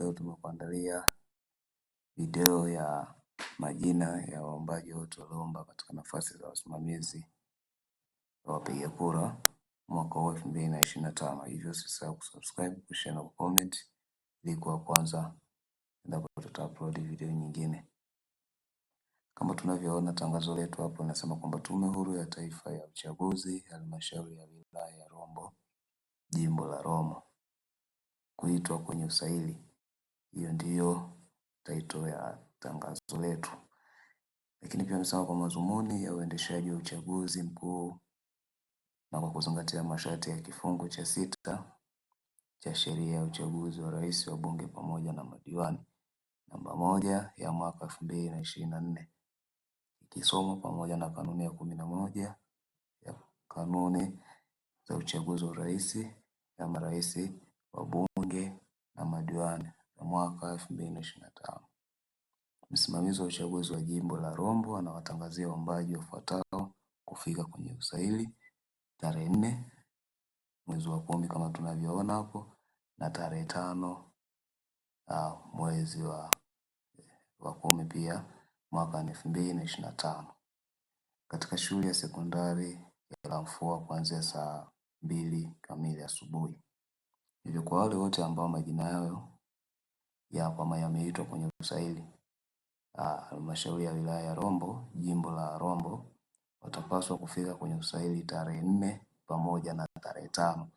Leo tumekuandalia video ya majina ya waombaji wote walioomba katika nafasi za wasimamizi wa wapiga kura mwaka huu elfu mbili na ishirini na tano. Hivyo usisahau kusubscribe, kushare na kucomment ili kuwa kwanza endapo tutaupload video nyingine. Kama tunavyoona tangazo letu hapo linasema kwamba Tume Huru ya Taifa ya Uchaguzi, Halmashauri ya Wilaya ya Rombo, Jimbo la Rombo kuitwa kwenye usaili hiyo ndiyo title ya tangazo letu. Lakini pia amesema kwa madhumuni ya uendeshaji wa uchaguzi mkuu na kwa kuzingatia masharti ya kifungu cha sita cha sheria ya uchaguzi wa rais wa bunge pamoja na madiwani namba moja ya mwaka elfu mbili na ishirini na nne ikisomwa pamoja na kanuni ya kumi na moja ya kanuni za uchaguzi wa rais na marais wa bunge na madiwani ya mwaka wa elfu mbili na ishirini na tano. Msimamizi wa uchaguzi wa jimbo la Rombo anawatangazia waombaji wafuatao kufika kwenye usaili tarehe nne mwezi wa kumi kama tunavyoona hapo na tarehe tano uh, mwezi wa, eh, wa kumi pia mwaka elfu mbili na ishirini na tano katika shule ya sekondari ya Lamfua kuanzia saa mbili kamili asubuhi. Hivyo kwa wale wote ambao majina yao ya kwa maana yameitwa kwenye usaili. Ah, halmashauri ya wilaya ya Rombo, jimbo la Rombo, watapaswa kufika kwenye usaili tarehe nne pamoja na tarehe tano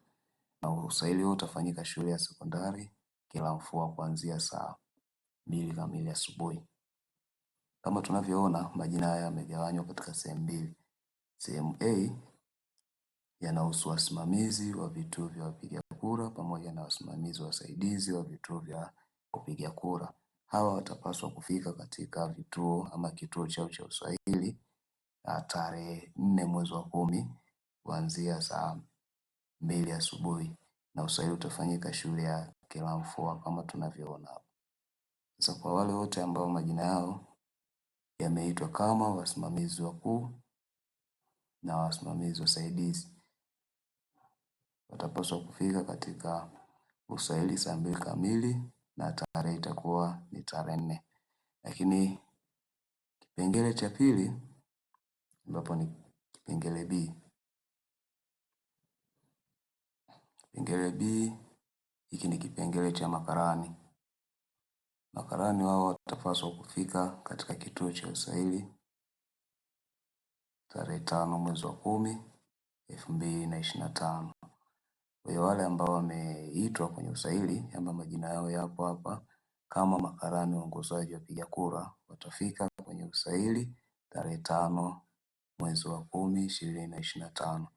na usaili huo utafanyika shule ya sekondari kila mfua kuanzia saa mbili kamili asubuhi. Kama tunavyoona majina haya yamegawanywa katika sehemu mbili. Sehemu A yanahusu wasimamizi wa vituo vya wapiga kura pamoja na wasimamizi wasaidizi wa vituo vya kupiga kura. Hawa watapaswa kufika katika vituo ama kituo chao cha usajili ah, tarehe nne mwezi wa kumi kuanzia saa mbili asubuhi na usaili utafanyika shule ya Kilamfua kama tunavyoona hapo. Sasa kwa wale wote ambao majina yao yameitwa kama wasimamizi wakuu na wasimamizi wasaidizi watapaswa kufika katika usaili saa mbili kamili na tarehe itakuwa ni tarehe nne. Lakini kipengele cha pili ambapo ni kipengele B. Kipengele B hiki ni kipengele cha makarani. Makarani wao watapaswa kufika katika kituo cha usaili tarehe tano mwezi wa kumi elfu mbili na ishirini na tano. Kwa hiyo wale ambao wameitwa kwenye usaili ama majina yao yapo hapa kama makarani waongozaji wapiga kura watafika kwenye usaili tarehe tano mwezi wa kumi ishirini na ishirini na tano.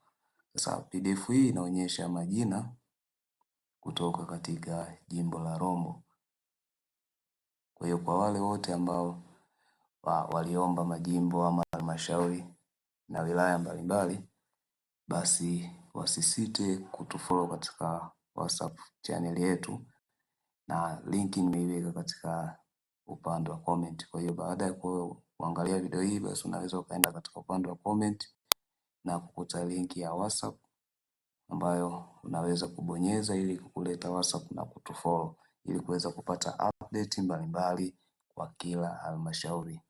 Sasa PDF hii inaonyesha majina kutoka katika jimbo la Rombo. Kwa hiyo kwa wale wote ambao wa, waliomba majimbo ama halmashauri na wilaya mbalimbali basi wasisite kutufollow katika whatsapp chaneli yetu, na linki nimeiweka katika upande wa comment. Kwa hiyo baada ya kuangalia video hii, basi unaweza ukaenda katika upande wa comment na kukuta linki ya whatsapp ambayo unaweza kubonyeza ili kukuleta whatsapp na kutufollow ili kuweza kupata update mbalimbali kwa kila halmashauri.